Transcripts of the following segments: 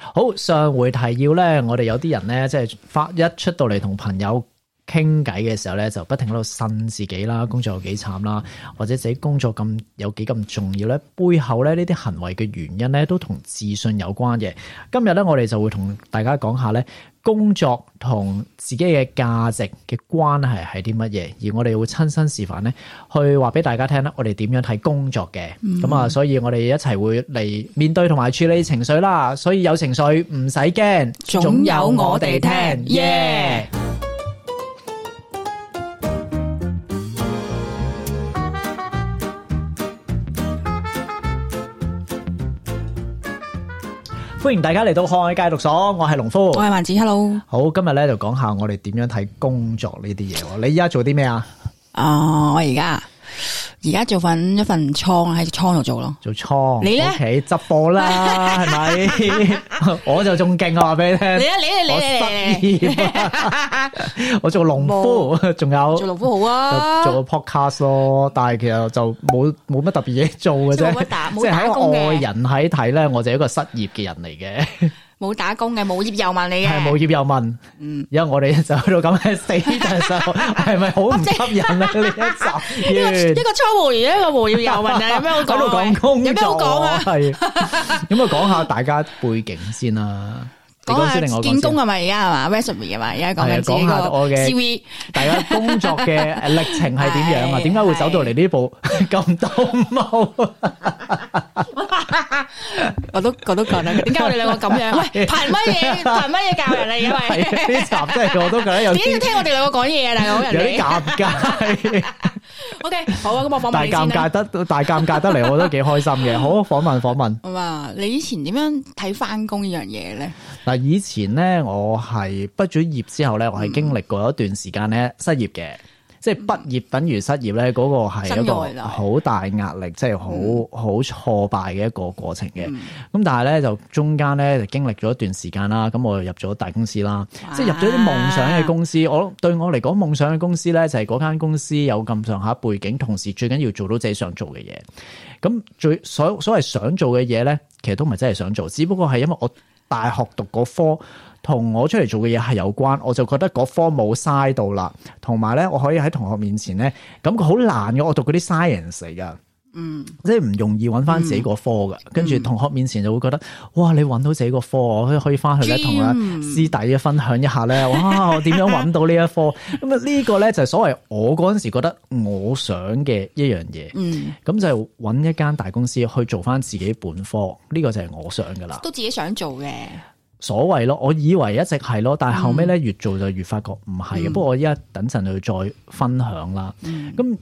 好，上回提要咧，我哋有啲人咧，即係發一出到嚟同朋友傾偈嘅時候咧，就不停喺度呻自己啦，工作有幾慘啦，或者自己工作咁有幾咁重要咧，背後咧呢啲行為嘅原因咧，都同自信有關嘅。今日咧，我哋就會同大家講下咧。工作同自己嘅價值嘅關係係啲乜嘢？而我哋會親身示範呢，去話俾大家聽咧，我哋點樣睇工作嘅？咁、mm hmm. 啊，所以我哋一齊會嚟面對同埋處理情緒啦。所以有情緒唔使驚，總有我哋聽。耶！Yeah! Yeah! 歡迎大家嚟到《看愛戒毒所》，我係農夫，我係曼子，Hello。好，今日咧就講下我哋點樣睇工作呢啲嘢。你而家做啲咩啊？啊、uh，我而家。而家做份一份倉喺倉度做咯，做倉。你屋企執波啦，係咪？我就仲勁啊！話俾你聽，你啊，你啊，你啊，我做農夫，仲有， 有做農夫好啊，做個 podcast 咯。但係其實就冇冇乜特別嘢做嘅啫，即係喺外人喺睇咧，我就一個失業嘅人嚟嘅。 冇打工嘅，冇業遊民嚟嘅，係冇業遊民。嗯，因為我哋就去到咁樣死就，係咪好唔吸引咧？呢一集，一個一個初僱員，一個無業遊民啊，有咩好講啊？有咩好講啊？咁啊，講下大家背景先啦。講下見工啊嘛，而家係嘛？resume 啊嘛，而家講下我嘅，大家工作嘅歷程係點樣啊？點解會走到嚟呢步咁多貓啊？我都覺得咁啦，點解我哋兩個咁樣？喂，憑乜嘢，憑乜嘢教人咧？因為呢集真係我都覺得有。點要聽我哋兩個講嘢？大佬 有啲尷尷尬。OK，好啊，咁我訪問大尷尬得大尷尬得嚟，我都幾開心嘅。好，訪問訪問。啊嘛，你以前點樣睇翻工呢樣嘢咧？嗱，以前咧，我係畢咗業之後咧，我係經歷過一段時間咧失業嘅。即係畢業等於失業咧，嗰、嗰個係一個好大壓力，即係好好挫敗嘅一個過程嘅。咁、嗯、但係咧，就中間咧就經歷咗一段時間啦。咁我又入咗大公司啦，即係入咗啲夢想嘅公司。啊、我對我嚟講，夢想嘅公司咧就係嗰間公司有咁上下背景，同時最緊要做到自己想做嘅嘢。咁最所所謂想做嘅嘢咧，其實都唔係真係想做，只不過係因為我。大學讀嗰科同我出嚟做嘅嘢係有關，我就覺得嗰科冇嘥到啦。同埋咧，我可以喺同學面前咧，感覺佢好難嘅。我讀嗰啲 science 嚟噶。嗯，即係唔容易搵翻自己個科嘅，跟住、嗯、同學面前就會覺得，嗯、哇！你搵到自己個科，我可以可以翻去咧同啊師弟啊分享一下咧，嗯、哇！我點樣搵到呢一科？咁啊呢個咧就係所謂我嗰陣時覺得我想嘅一樣嘢，咁、嗯、就係搵一間大公司去做翻自己本科，呢、呢個就係我想噶啦。都自己想做嘅，所謂咯，我以為一直係咯，但係後尾咧越做就越發覺唔係，不過、嗯、我依家等陣去再分享啦，咁。嗯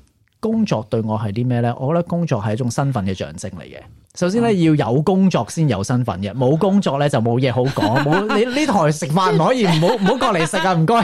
工作對我係啲咩呢？我覺得工作係一種身份嘅象徵嚟嘅。首先咧要有工作先有身份嘅，冇工作咧就冇嘢好講，冇 你呢台食飯唔可以唔好唔好過嚟食啊！唔該，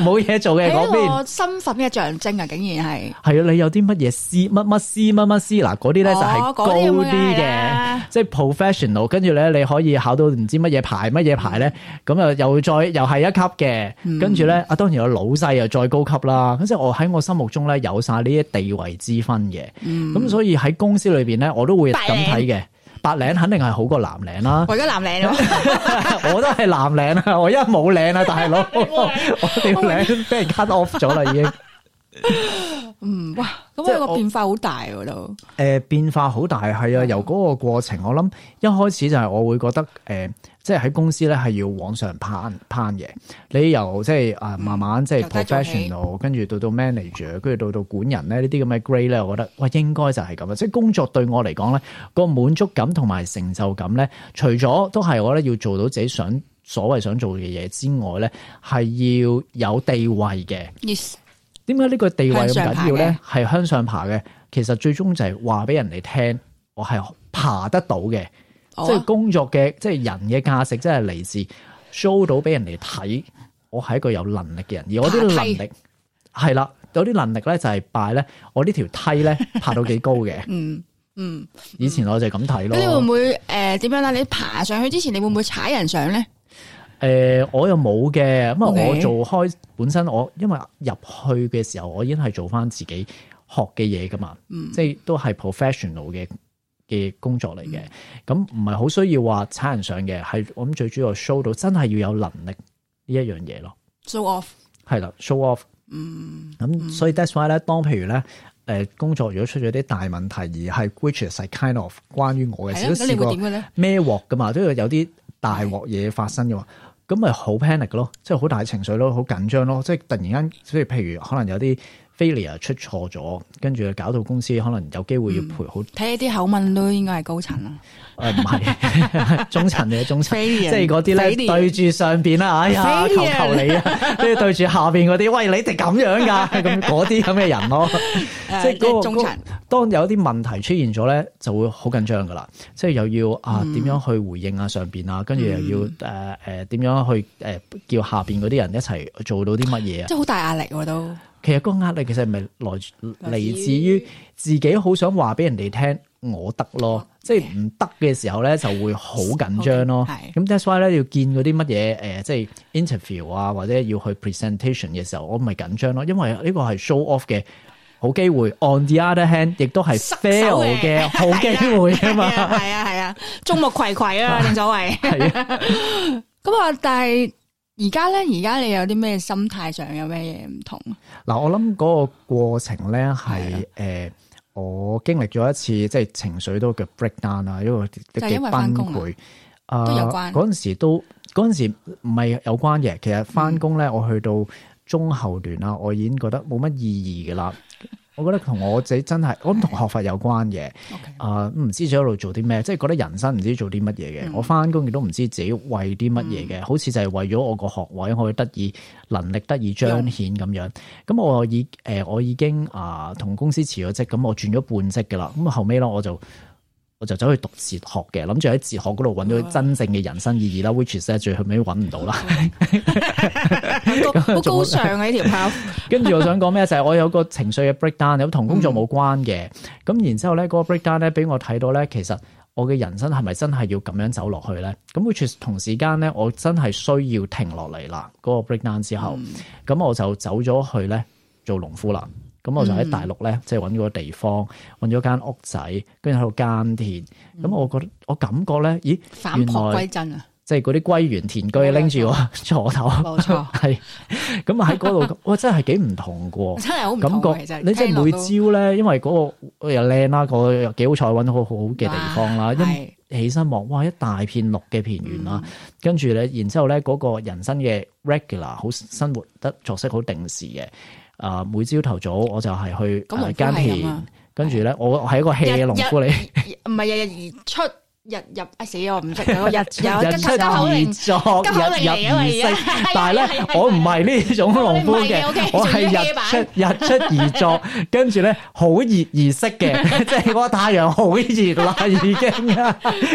冇嘢 做嘅講邊？我身份嘅象徵啊，竟然係，係啊！你有啲乜嘢師乜乜師乜乜師嗱嗰啲咧就係高啲嘅，即係 professional。跟住咧你可以考到唔知乜嘢牌乜嘢牌咧，咁啊又再又係一級嘅。跟住咧啊，當然有老細又再高級啦。咁、嗯、即係我喺我心目中咧有晒呢啲地位之分嘅。咁、嗯、所以喺公司裏邊咧我都會咁睇。嘅白領肯定係好過藍領啦，我而家藍領，我都係藍領啊！領 我而家冇領啊，大佬， 我條領俾 人 cut off 咗啦，已經。 嗯， 哇！咁我個變化好大喎都。誒、呃，變化好大係啊，嗯、由嗰個過程，我諗一開始就係我會覺得，誒、呃，即係喺公司咧係要往上攀攀嘅，你由即係啊，慢慢、嗯、即係 professional，跟住到 manager，到 manager，跟住到到管人咧呢啲咁嘅 grade 咧，grade，我覺得，喂、呃，應該就係咁啊！即係工作對我嚟講咧，個滿足感同埋成就感咧，除咗都係我咧要做到自己想所謂想做嘅嘢之外咧，係要有地位嘅。Yes。點解呢個地位咁緊要咧？係向上爬嘅，其實最終就係話俾人哋聽，我係爬得到嘅、oh.。即係工作嘅，即係人嘅價值，即係嚟自 show 到俾人哋睇，我係一個有能力嘅人。而我啲能力係啦梯，有啲能力咧就係擺咧，我呢條梯咧爬到幾高嘅、 嗯。嗯嗯，以前我就咁睇咯。嗯嗯、你會唔會誒點、呃、樣啦？你爬上去之前，你會唔會踩人上咧？誒、呃，我又冇嘅，咁啊，我做開本身，我因為入去嘅時候，我已經係做翻自己學嘅嘢噶嘛，嗯、即係都係 professional 嘅嘅工作嚟嘅，咁唔係好需要話踩人上嘅，係我諗最主要 show 到真係要有能力呢一樣嘢咯，show off 係啦，show off，咁所以 that's why 咧，當譬如咧，誒、呃、工作如果出咗啲大問題，而係 which is kind of 關於我嘅時，即係試過，你會點咩鑊噶嘛，都有有啲大鑊嘢發生嘅話。的咁咪好 panic 咯，即係好大情緒咯，好緊張咯，即係突然間，即係譬如可能有啲。Failure 出錯咗，跟住搞到公司可能有機會要賠好。睇啲口吻都應該係高層咯。誒，唔係中層嘅中層，即係嗰啲咧對住上邊啦，哎呀求求你啊！跟住對住下邊嗰啲，喂，你哋咁樣噶，咁嗰啲咁嘅人咯，即係嗰個中層。當有啲問題出現咗咧，就會好緊張噶啦，即係又要啊點樣去回應啊上邊啊，跟住又要誒誒點樣去誒叫下邊嗰啲人一齊做到啲乜嘢啊？即係好大壓力都。其實嗰個壓力其實係咪來嚟自於自己好想話俾人哋聽我得咯，Okay. 即係唔得嘅時候咧就會好緊張咯。咁 that's why 咧要見嗰啲乜嘢誒，即係 interview 啊或者要去 presentation 嘅時候，我唔咪緊張咯，因為呢個係 show off 嘅好機會。Okay. On the other hand，亦都係 fail 嘅好機會啊嘛。係啊係啊，眾目睽睽啊，正所謂？係啊，咁啊，但係。而家咧，而家你有啲咩心態上有咩嘢唔同？嗱、啊，我諗嗰個過程咧係誒，我經歷咗一次即係情緒都叫 breakdown 啊，因為都幾崩潰啊，嗰陣時都嗰陣時唔係有關嘅、呃。其實翻工咧，我去到中後段啦，我已經覺得冇乜意義噶啦。我覺得同我自己真係，我諗同學法有關嘅。啊 Okay.、呃，唔知自己喺度做啲咩，即係覺得人生唔知做啲乜嘢嘅。嗯、我翻工亦都唔知自己為啲乜嘢嘅，嗯、好似就係為咗我個學位可以得以能力得以彰顯咁樣。咁用我已誒、呃，我已經啊、呃，同公司辭咗職，咁我轉咗半職㗎喇。咁後尾咧，我就。我就走去讀哲學嘅，諗住喺哲學嗰度揾到真正嘅人生意義啦。Which is 咧，最後尾揾唔到啦 有。好高尚啊！呢條炮。跟住我想講咩？就係、是、我有個情緒嘅 breakdown，有同工作冇關嘅。咁然之後咧，個 breakdown 咧，俾我睇到咧，其實我嘅人生係咪真係要咁樣走落去咧？咁 which is 同時間咧，我真係需要停落嚟啦。嗰、那個 breakdown 之後，咁 我就走咗去咧做農夫啦。咁我就喺大陸咧，即係揾個地方，揾咗間屋仔，跟住喺度耕田。咁我覺得，我感覺咧，咦？返璞歸真啊！即係嗰啲歸園田居拎住個鋤頭，係咁喺嗰度， 哇！真係幾唔同噶，真係好感覺。你即係每朝咧，因為嗰個又靚啦，嗰個又幾好彩，揾到好好嘅地方啦。哇一起身望，哇！一大片綠嘅田園啦，跟住咧，然之後咧，嗰、嗰個人生嘅 regular 好生活得作息好定時嘅。啊！每朝頭早我就係去耕田，跟住咧，我我係一個戲嘅日農夫嚟，唔係日日而出。日入啊，死我唔識，日出而作，日入而息。但係咧，我唔係呢種農夫嘅，我係日出日出而作，跟住咧好熱而息嘅，即係個太陽好熱啦，已經。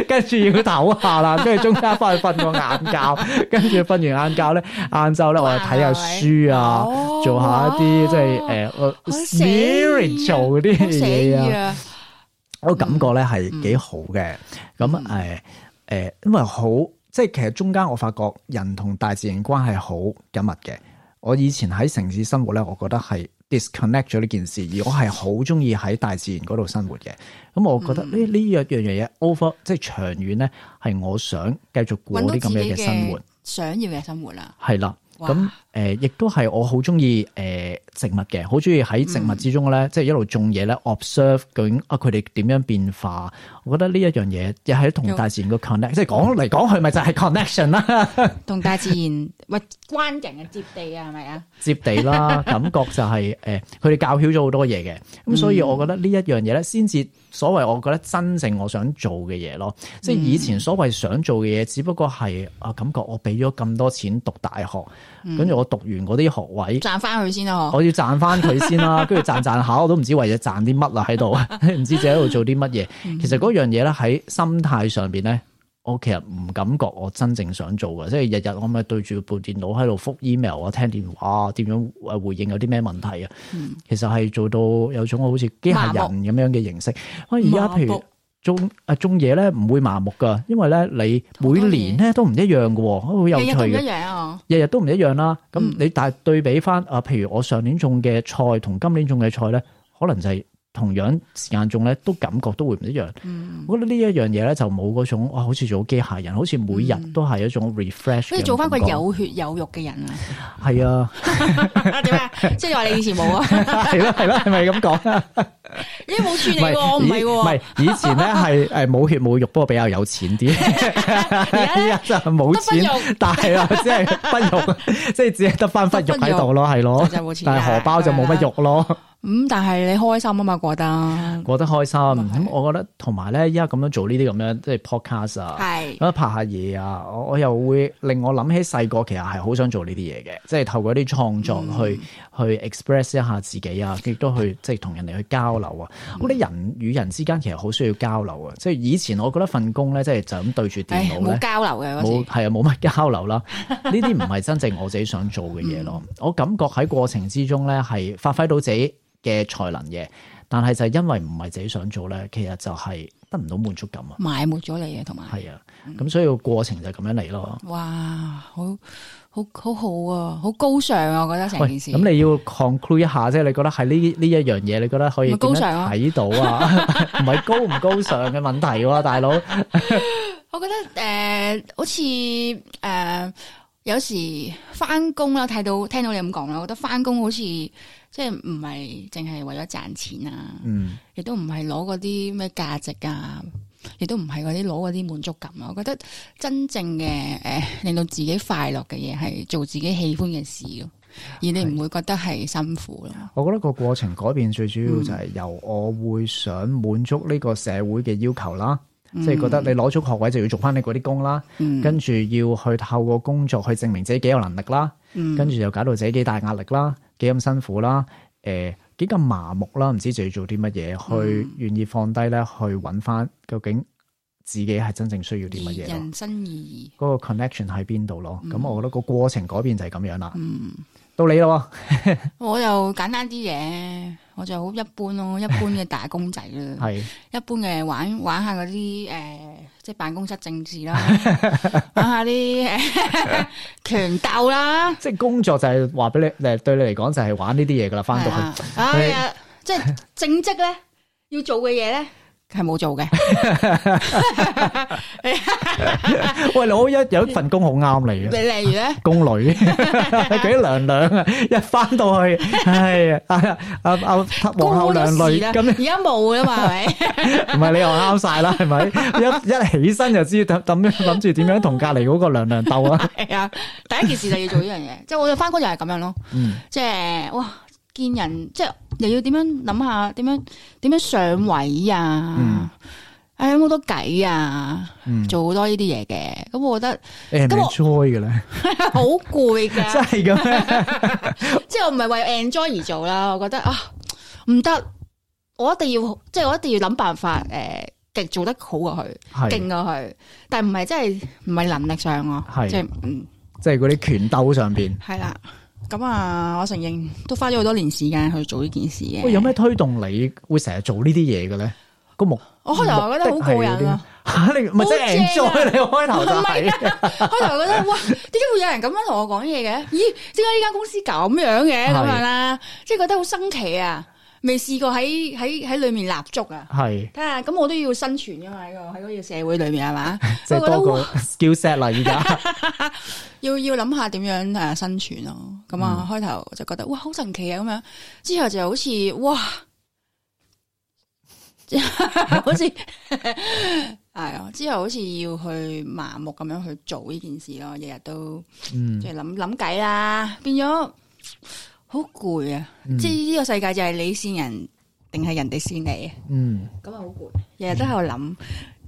跟住要唞下啦，跟住中間翻去瞓個晏覺，跟住瞓完晏覺咧，晏晝咧我哋睇下書啊，做下一啲即係誒 spiritual 做啲嘢啊。我、嗯嗯、感覺咧係幾好嘅，咁誒誒，嗯嗯、因為好即係其實中間我發覺人同大自然關係好緊密嘅。我以前喺城市生活咧，我覺得係 disconnect 咗呢件事，而我係好中意喺大自然嗰度生活嘅。咁我覺得呢呢一樣樣嘢，over 即係長遠咧，係、嗯、我、嗯嗯、想繼續過啲咁樣嘅生活，想要嘅生活啦。係啦，咁。誒，亦都係我好中意誒植物嘅，好中意喺植物之中咧，嗯、即係一路種嘢咧，observe 究竟佢哋點樣變化。我覺得呢一樣嘢又係同大自然個 connect，嗯、即係講嚟講去咪就係 connection 啦。同大自然喂， 關人嘅接地啊，係咪啊？接地啦，感覺就係、是、誒，佢哋 教曉咗好多嘢嘅。咁所以我覺得呢一樣嘢咧，先至所謂我覺得真正我想做嘅嘢咯。即係以前所謂想做嘅嘢，只不過係啊，感覺我俾咗咁多錢讀大學，跟住、嗯嗯我讀完嗰啲學位，賺翻佢先咯。我要賺翻佢先啦，跟住 賺賺下，我都唔知為咗賺啲乜啦喺度，唔 知自己喺度做啲乜嘢。其實嗰樣嘢咧喺心態上邊咧，我其實唔感覺我真正想做嘅，即係日日我咪對住部電腦喺度覆 email 啊，聽電話，點樣誒回應有啲咩問題啊？其實係做到有種好似機械人咁樣嘅形式。而家、嗯、譬如。種啊種嘢咧唔會麻木噶，因為咧你每年咧都唔一樣嘅，好有趣。日日都唔一樣啊！日日都唔一樣啦。咁、嗯、你但係對比翻啊，譬如我上年種嘅菜同今年種嘅菜咧，可能就係、是。同樣時間中咧，都感覺都會唔一樣。嗯、我覺得呢一樣嘢咧，就冇嗰種啊，好似做機械人，好似每日都係一種 refresh、嗯。即係、嗯、做翻個有血有肉嘅人啊！係啊，點即係話你以前冇啊？係咯，係咯，係咪咁講？你冇穿過，唔係，唔係以前咧係誒冇血冇肉，不過比較有錢啲。而家就冇錢，但係即係不肉，即係只係得翻忽肉喺度咯，係咯，但係荷包就冇乜肉咯。咁、嗯、但係你開心啊嘛，過得過得開心，咁我覺得同埋咧依家，咁樣做呢啲咁樣即係 podcast 啊，咁樣是拍下嘢啊，我又會令我諗起細個其實係好想做呢啲嘢嘅，即係透過一啲創作去、嗯、去 express 一下自己啊，亦都去即係同人哋去交流啊。咁啲、嗯、人與人之間其實好需要交流啊，即係以前我覺得份工咧，即係就咁對住電腦冇交流嘅，冇係沒次啊冇乜交流啦。呢啲唔係真正我自己想做嘅嘢咯。嗯、我感覺喺過程之中咧係發揮到自己。嘅才能嘅，但係就係因為唔係自己想做咧，其實就係得唔到滿足感啊，埋沒咗你嘢同埋係啊，咁所以個過程就咁樣嚟咯、嗯。哇，好好好好啊，好高尚啊，我覺得成件事。咁你要 conclude 一下，即係、嗯、你覺得係呢呢一樣嘢，你覺得可以高尚啊？睇到啊，唔 係高唔高尚嘅問題喎、啊，大佬。 我覺得誒、呃，好似誒。呃有時翻工啦，睇到聽到你咁講啦，我覺得翻工好似即係唔係淨係為咗賺錢啊，嗯，亦都唔係攞嗰啲咩價值啊，亦都唔係嗰啲攞嗰啲滿足感啊。我覺得真正嘅誒、呃、令到自己快樂嘅嘢，係做自己喜歡嘅事咯，而你唔會覺得係辛苦咯？我覺得個過程改變最主要就係由我會想滿足呢個社會嘅要求啦。嗯嗯即係覺得你攞咗學位就要做返你嗰啲工啦，嗯、跟住要去透過工作去證明自己幾有能力啦，嗯、跟住又搞到自己幾大壓力啦，幾咁辛苦啦，誒幾咁麻木啦，唔知自己做啲乜嘢，去願意放低呢，去搵返究竟。自己係真正需要啲乜嘢，人生意義，嗰個 connection 喺邊度咯？咁我覺得個過程改變就係咁樣啦。嗯、到你咯，我又簡單啲嘢，我就好一般咯，一般嘅打工仔啦，係 是的 一般嘅玩，玩玩下嗰啲誒，即係辦公室政治啦，玩下啲強鬥啦。 即係工作就係話俾你誒，對你嚟講就係玩呢啲嘢噶啦，翻到去。哎呀的、 啊，即係正職咧，要做嘅嘢咧。 係冇做嘅。喂，我一有一份工好啱你嘅。你例如咧？宮女，嗰啲娘娘啊，一翻到去，係啊，阿阿皇后娘娘咁。而家冇啦，係咪？唔係你又啱晒啦，係咪？一一起身就知咁樣，諗諗住點樣同隔籬嗰個娘娘鬥啊？係啊，第一件事就要做呢樣嘢。即係我哋翻工又係咁樣咯，即係哇。見人即係又要點樣諗下？點樣點樣上位啊？嗯，唉，有好多計啊！做好多呢啲嘢嘅，咁我覺得，enjoy 嘅咧，好攰㗎，真係咁。即係我唔係為 enjoy 而做啦，我覺得啊，唔得，我一定要，即係我一定要諗辦法，誒，極做得好過去，勁過去，但係唔係真係唔係能力上囉，即係即係嗰啲拳鬥上邊，係啦。咁啊！我承認都花咗好多年時間去做呢件事嘅。喂、欸，有咩推動你會成日做呢啲嘢嘅咧？個目，我開頭覺得好過癮啊！吓、啊，你咪即係正再你開頭就係、是，啊、 開頭覺得哇，點解會有人咁樣同我講嘢嘅？咦，點解呢間公司咁樣嘅咁的樣啦、啊？即係覺得好新奇啊！未試過喺喺喺裏面立足啊！係，睇下，咁我都要生存噶嘛喺個喺嗰個社會裏面係嘛？即係多個 skill set 啦，而家要要諗下點樣誒生存咯。咁啊，開頭就覺得哇好神奇啊，咁樣，之後就好似哇，好似係啊，之後好似要去麻木咁樣去做呢件事咯，日日都即係諗諗計啦，變咗。好攰啊！即係呢個世界就係你先人定係人哋先你啊！咁啊好攰， 嗯、日日都喺度諗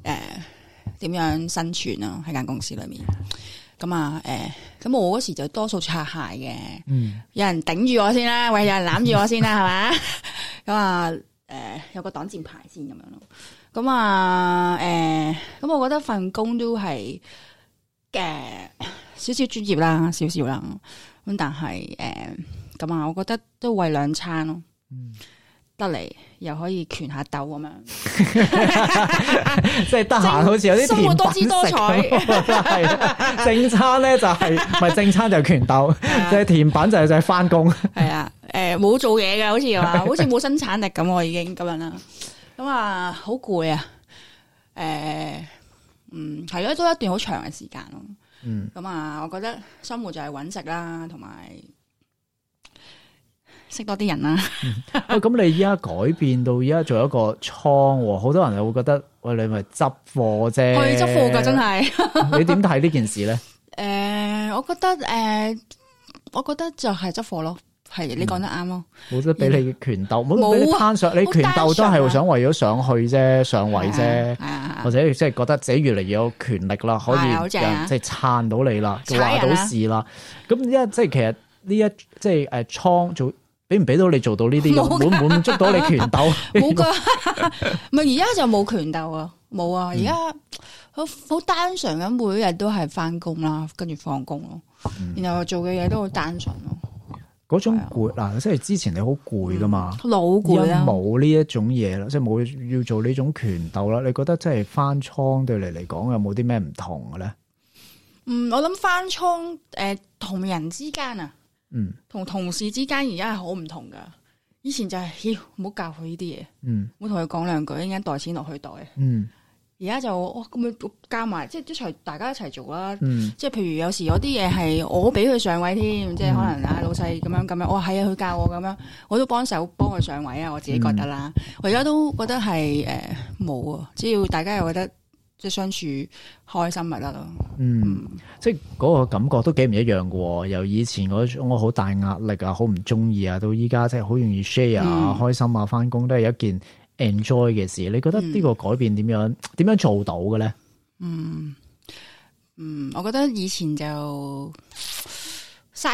誒，點樣生存啊？喺間公司裏面咁啊？誒，咁、 嗯嗯、我嗰時就多數擦鞋嘅，有人頂住我先啦，或者有人攬住我先啦，係嘛？咁啊？誒，有個擋箭牌先咁樣咯。咁、嗯、啊？誒、呃，咁、嗯呃、我覺得份工都係嘅少少專業啦，少少啦。咁但係誒。咁啊，我覺得都餵兩餐咯，得嚟又可以拳下斗咁樣，即係得閒好似有啲生活多姿多彩。係正餐咧就係，咪正餐就拳斗，即係甜品就係就係翻工。係啊，誒冇做嘢嘅，好似話好似冇生產力咁我已經咁樣啦。咁啊，好攰啊。誒，嗯，係咯，都一段好長嘅時間咯。咁啊，我覺得生活就係揾食啦，同埋。識多啲人啦，咁你依家改變到依家做一個倉，好多人係會覺得，喂你咪執貨啫，去執貨噶真係，你點睇呢件事咧？誒，我覺得誒，我覺得就係執貨咯，係你講得啱咯。冇得俾你權鬥，冇冇攀上，你權鬥都係想為咗上去啫，上位啫，或者即係覺得自己越嚟越有權力啦，可以即係撐到你啦，就話到事啦。咁一即係其實呢一即係誒倉做。你唔俾到你做到呢啲，滿滿足到你拳鬥。冇噶的，唔係而家就冇拳鬥啊，冇啊、嗯！而家好好單純咁，每日都係翻工啦，跟住放工咯。然後、嗯、然後做嘅嘢都好單純咯。嗰、嗯、種攰啊，啊，即係之前你好攰噶嘛，嗯、老攰啊。冇呢一種嘢啦，即係冇要做呢種拳鬥啦。你覺得即係翻倉對你嚟講有冇啲咩唔同嘅咧？嗯，我諗翻倉誒，同、呃、人之間啊。嗯，同同事之間而家係好唔同噶，以前就係、是，唔好教佢呢啲嘢，嗯，唔好同佢講兩句，一陣間袋錢落去袋，嗯，而家就咁、哦、樣就加埋，即係一齊，大家一齊做啦，嗯、即係譬如有時有啲嘢係我俾佢上位添，嗯、即係可能啊老細咁樣咁樣，我、哦、係啊佢教我咁樣，我都幫手幫佢上位啊，我自己覺得啦，嗯、我而家都覺得係誒冇啊，只要大家又覺得。即係相處開心咪得咯。嗯，嗯即係嗰個感覺都幾唔一樣嘅，哦。由以前我好大壓力啊，好唔中意啊，到依家即係好容易 share 啊開心啊，翻工都係一件 enjoy 嘅事。你覺得呢個改變點樣點、嗯、樣做到嘅咧？嗯嗯，我覺得以前就。即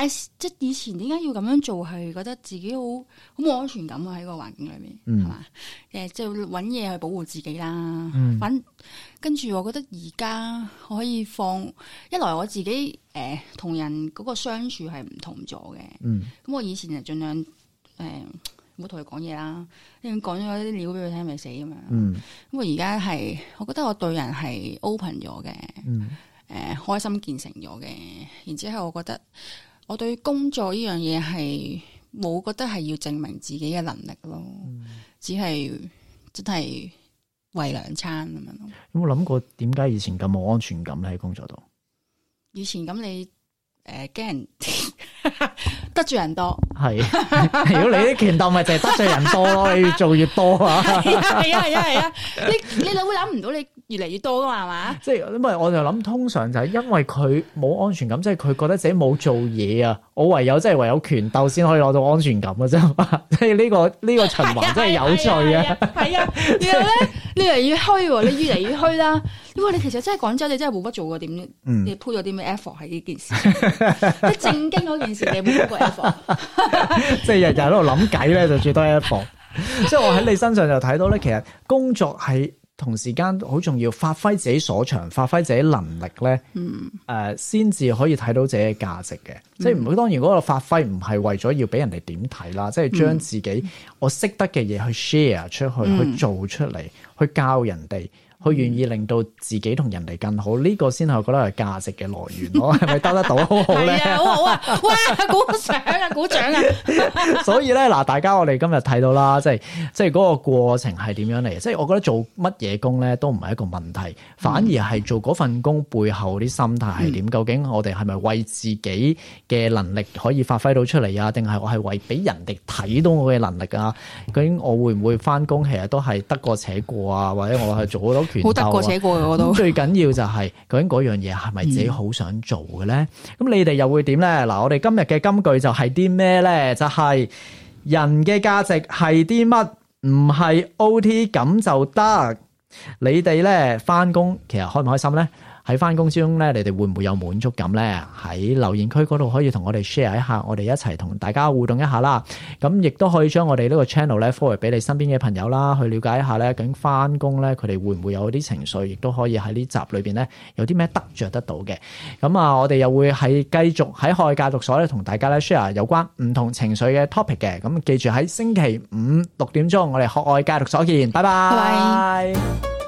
係以前點解要咁樣做？係覺得自己好好冇安全感啊！喺個環境裏面係嘛？誒、嗯，即係搵嘢去保護自己啦。反跟住，我覺得而家可以放一來，我自己誒同、呃、人嗰個相處係唔同咗嘅。咁、嗯嗯、我以前就盡量誒唔好同佢講嘢啦，因為講咗啲料俾佢聽咪死啊嘛。咁、嗯、我而家係，我覺得我對人係 open 咗嘅，誒、嗯呃、開心見誠咗嘅。然之後，我覺得。我對工作呢樣嘢係冇覺得係要證明自己嘅能力咯，只係真係為兩餐咁樣咯。嗯、有冇諗過點解以前咁冇安全感咧？喺工作度？以前咁你誒，驚、呃、人 得罪人多係。如果你啲權鬥咪就係得罪人多咯，越 做越多啊！ 係啊係啊係啊！你你會諗唔到你？越嚟越多噶嘛，係嘛？即係，因為我就諗，通常就係因為佢冇安全感，即係佢覺得自己冇做嘢啊。我唯有即係唯有權鬥先可以攞到安全感噶啫嘛。所以呢個呢個循環真係有趣嘅。係啊，然後咧，你越嚟越虛，你越嚟越虛啦。哇，你其實真係廣州，你真係冇乜做過點？嗯，你 push 咗啲咩 effort 喺呢件事？即係正經嗰件事你冇做過 effort，即係日日喺度諗計咧，就最多係 effort。即係我喺你身上就睇到咧，其實工作係。同時間好重要，發揮自己所長，發揮自己能力咧，誒、嗯，先至、呃、可以睇到自己嘅價值嘅。嗯、即係唔會，當然嗰個發揮唔係為咗要俾人哋點睇啦，嗯、即係將自己我識得嘅嘢去 share 出去，去做出嚟，嗯、去教人哋。佢願意令到自己同人哋更好，呢個先係我覺得係價值嘅來源咯，係咪得得到好好咧？好好 啊！哇，鼓掌啊！鼓掌啊！ 所以咧，嗱，大家我哋今日睇到啦，即係即係嗰個過程係點樣嚟？即係我覺得做乜嘢工咧都唔係一個問題，嗯、反而係做嗰份工背後啲心態係點？嗯、究竟我哋係咪為自己嘅能力可以發揮到出嚟啊？定係我係為俾人哋睇到我嘅能力啊？究竟我會唔會翻工其實都係得過且過啊？或者我係做好多？好得過且過嘅我都 最緊要就係究竟嗰樣嘢係咪自己好想做嘅咧？咁、嗯、你哋又會點咧？嗱，我哋今日嘅金句就係啲咩咧？就係、是、人嘅價值係啲乜？唔係 OT 咁就得。你哋咧，返工其實開唔開心咧？喺翻工之中咧，你哋會唔會有滿足感呢？喺留言區嗰度可以同我哋 share 一下，我哋一齊同大家互動一下啦。咁亦都可以將我哋呢個 channel 咧 forward 俾你身邊嘅朋友啦，去了解一下咧。究竟翻工咧，佢哋會唔會有啲情緒？亦都可以喺呢集裏邊咧有啲咩得着得到嘅。咁啊，我哋又會係繼續喺學愛戒毒所咧同大家咧 share 有關唔同情緒嘅 topic 嘅。咁記住喺星期五六點鐘，我哋學愛戒毒所見。拜拜。Bye bye.